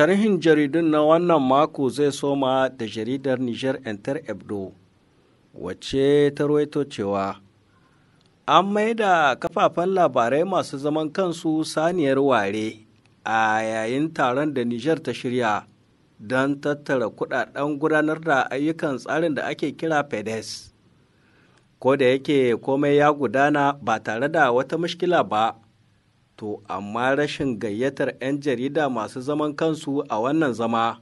sharhin jaridun na wannan mako zai soma da jaridar Niger Enter Ebdo, wacce ta rawaito cewa an mai da kafafen labarai masu zaman kansu saniyar ware a yayin taron da Niger ta shirya don tattara kudaden gudanar da ayyukan tsarin da ake kira PEDES. Ko da yake komai ya gudana ba tare da wata mashkila ba. to amma rashin gayyatar 'yan jarida masu zaman kansu a wannan zama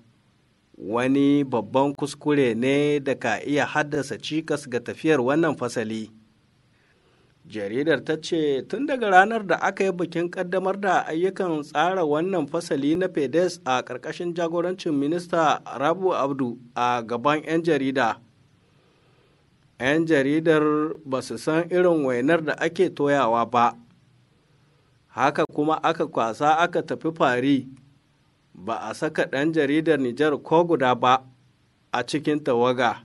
wani babban kuskure ne da ka iya haddasa cikas ga tafiyar wannan fasali jaridar ta ce tun daga ranar da aka yi bikin kaddamar da ayyukan tsara wannan fasali na fedes a ƙarƙashin jagorancin minista rabu abdu a gaban 'yan jarida 'yan jaridar ba su san irin wainar da ake toyawa ba haka kuma aka kwasa aka tafi fari ba a saka ɗan jaridar Nijar ko guda ba a cikin tawaga.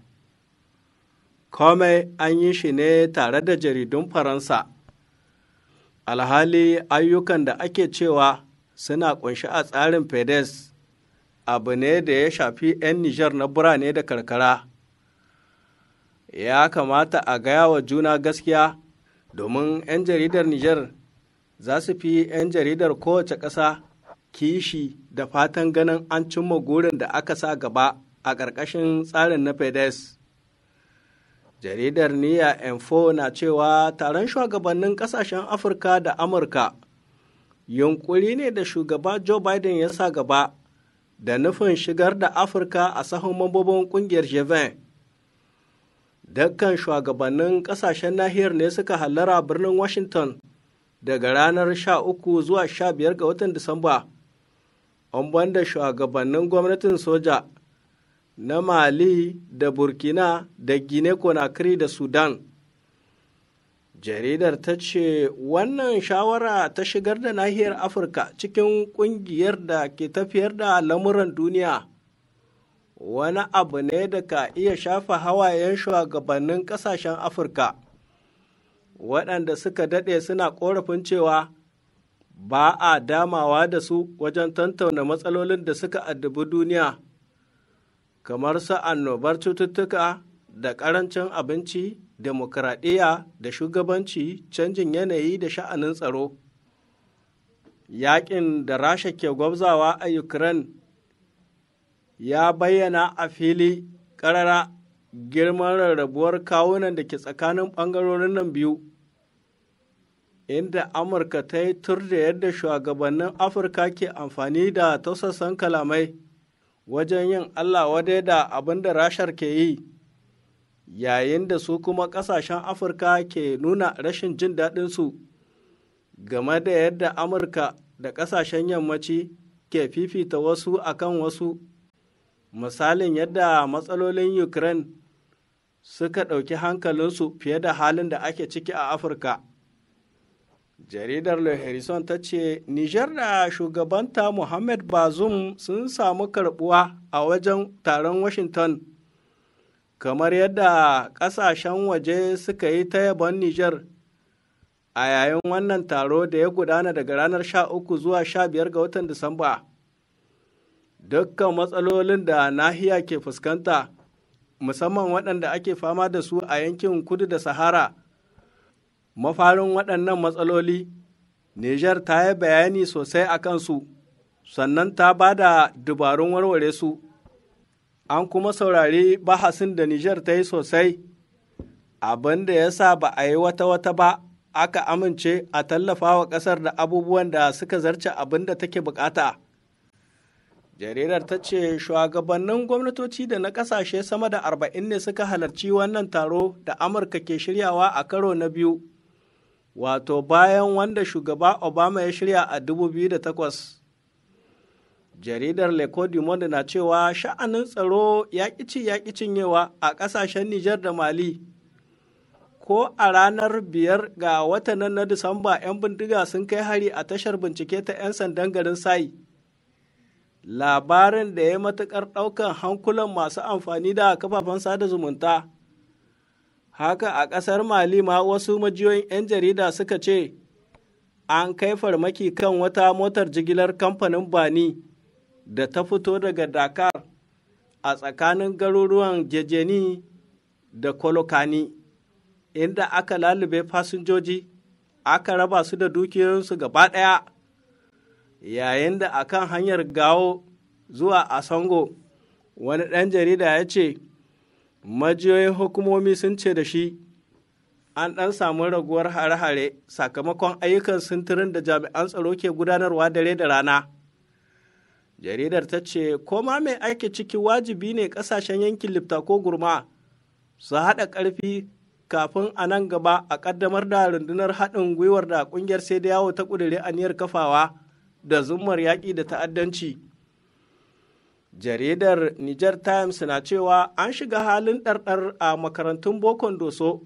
Komai an yi shi ne tare da jaridun Faransa. Alhali ayyukan da ake cewa suna ƙunshi a tsarin FEDES abu ne da ya shafi 'yan Nijar na birane da karkara. Ya kamata a gaya wa juna gaskiya domin 'yan jaridar Nijar za su fi 'yan jaridar kowace ƙasa kishi da fatan ganin an cimma gurin da aka sa gaba a ƙarƙashin tsarin na fedes jaridar niya info na cewa taron shugabannin ƙasashen afirka da amurka yunkuri ne da shugaba joe biden ya sa gaba da nufin shigar da afirka a sahun mambobin ƙungiyar g20 dukkan shugabannin ƙasashen nahiyar ne suka hallara birnin washington daga ranar 13 zuwa 15 ga watan Disamba. An banda shugabannin gwamnatin soja na Mali da Burkina da Guinea-Conakry da Sudan. Jaridar ta ce wannan shawara ta shigar da nahiyar Afirka cikin ƙungiyar da ke tafiyar da lamuran duniya. Wani abu ne da ka iya shafa hawayen shugabannin ƙasashen Afirka. waɗanda suka daɗe suna ƙorafin cewa ba a damawa da su wajen tantauna matsalolin da suka addabi duniya kamar su annobar cututtuka da ƙarancin abinci demokradiyya da shugabanci canjin yanayi da sha'anin tsaro yaƙin da rasha ke gwabzawa a ukraine ya bayyana a fili ƙarara girman rarrabuwar kawunan da ke tsakanin ɓangarorin nan biyu inda amurka ta yi tur da yadda shugabannin afirka ke amfani da tausasan kalamai wajen yin allah wadai da abin da rashar ke yi yayin da su kuma ƙasashen afirka ke nuna rashin jin daɗinsu game da yadda amurka da ƙasashen yammaci ke fifita wasu akan wasu misalin yadda matsalolin ukraine suka ɗauki hankalinsu fiye da halin da ake ciki a afirka jaridar le harrison ta ce nijar da shugabanta muhammad bazoum sun samu karbuwa a wajen taron washington kamar yadda kasashen waje suka yi ta yabon nijar a yayin wannan taro da ya gudana daga ranar 13 zuwa sha biyar ga watan disamba dukkan matsalolin da nahiya ke fuskanta musamman waɗanda ake fama da su a yankin kudu da sahara mafarin waɗannan matsaloli Nijar ta yi bayani sosai a kansu sannan ta ba da dubarun warware su an kuma saurari bahasin da Nijar ta yi sosai abin da ya sa ba a yi wata-wata ba aka amince a tallafa wa ƙasar da abubuwan da suka zarce abin da take bukata. jaridar ta ce shugabannin gwamnatoci da na ƙasashe sama da arba'in ne suka halarci wannan taro da amurka ke shiryawa a karo na biyu wato bayan wanda shugaba obama ya shirya a 2008 jaridar le monde na cewa sha'anin tsaro ci yaƙi cinyewa a ƙasashen nijar da mali ko a ranar biyar ga watanin na disamba 'yan bindiga sun kai hari a tashar bincike ta 'yan sandan garin sai labarin da ya matukar ɗaukan hankulan masu amfani da kafafen sada zumunta haka a ƙasar mali ma wasu majiyoyin 'yan jarida suka ce an kai farmaki kan wata motar jigilar kamfanin bani da ta fito daga dakar a tsakanin garuruwan jejeni da kolokani inda aka lalube fasinjoji aka raba su da dukiyoyinsu gaba ɗaya yayin da akan hanyar gawo zuwa asango wani ɗan jarida ya ce majiyoyin hukumomi sun ce da shi an ɗan samu raguwar hare-hare sakamakon ayyukan sintirin da jami'an tsaro ke gudanarwa dare da rana jaridar ta ce koma mai aiki ciki wajibi ne ƙasashen yankin lifta ko gurma su haɗa ƙarfi kafin a nan gaba a ƙaddamar da rundunar haɗin gwiwar da ƙungiyar sai da yawo ta ƙudure aniyar kafawa da zummar yaƙi da ta'addanci. Jaridar Niger Times na cewa an shiga halin ɗarɗar a makarantun Bokon Doso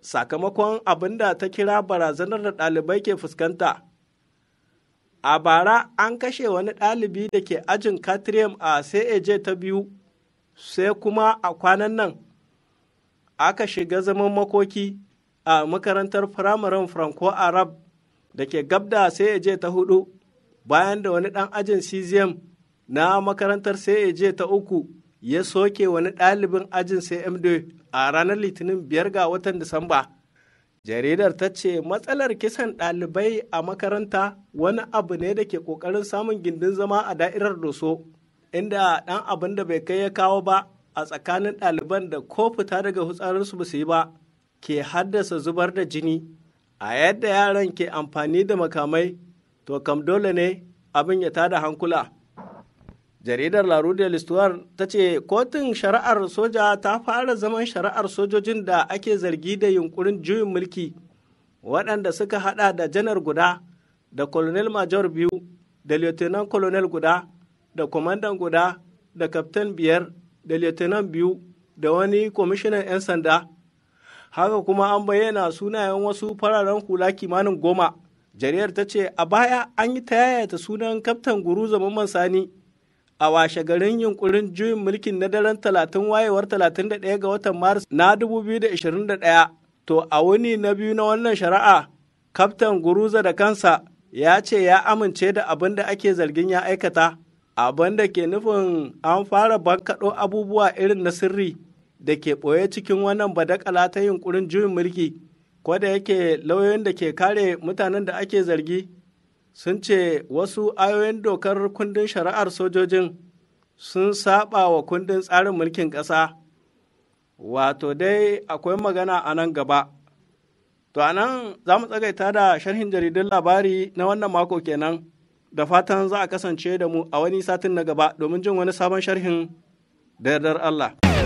sakamakon abin da ta kira barazanar da ɗalibai ke fuskanta. A bara an kashe wani ɗalibi da ke ajin katrium a CAJ ta biyu, sai kuma a kwanan nan aka shiga zaman makoki a makarantar firamaren Franco Arab da ke gabda CAJ ta hudu bayan da wani ɗan ajin CZM na makarantar sai ya je ta uku ya soke wani ɗalibin ajin CMD a ranar Litinin biyar ga watan Disamba. Jaridar ta ce matsalar kisan ɗalibai a makaranta wani abu ne da ke ƙoƙarin samun gindin zama a da'irar doso, inda ɗan abin da bai kai ya kawo ba a tsakanin ɗaliban da ko fita daga hutsarinsu ba su yi ba, ke haddasa zubar da jini. A yadda yaran ke amfani da makamai, to kam dole ne abin ya tada hankula. jaridar la rue de ta ce kotun shari'ar soja ta fara zaman shari'ar sojojin da ake zargi da yunkurin juyin mulki waɗanda suka hada da janar guda da colonel major biyu da lieutenant colonel guda da kwamandan guda da kaftan biyar da lieutenant biyu da wani kwamishinan 'yan sanda haka kuma an bayyana sunayen wasu fararen hula kimanin goma jariyar ta ce a baya an yi ta yayata sunan kaftan guru zaman sani a washe garin yunkurin juyin mulkin na daren 30 wayewar 31 ga watan maris na 2021 to a wuni na biyu na wannan shari'a kaftan guruza da kansa ya ce ya amince da abin da ake zargin ya aikata abin da ke nufin an fara bankaɗo abubuwa irin na sirri da ke ɓoye cikin wannan badakala ta yunkurin juyin mulki ko yake lauyoyin da ke kare mutanen da ake zargi sun ce wasu ayoyin dokar kundin shari'ar sojojin sun saba wa kundin tsarin mulkin ƙasa wato dai akwai magana a nan gaba to a nan za mu tsagaita da sharhin jaridun labari na wannan mako kenan da fatan za a kasance da mu a wani satin na gaba domin jin wani sabon sharhin da yardar Allah.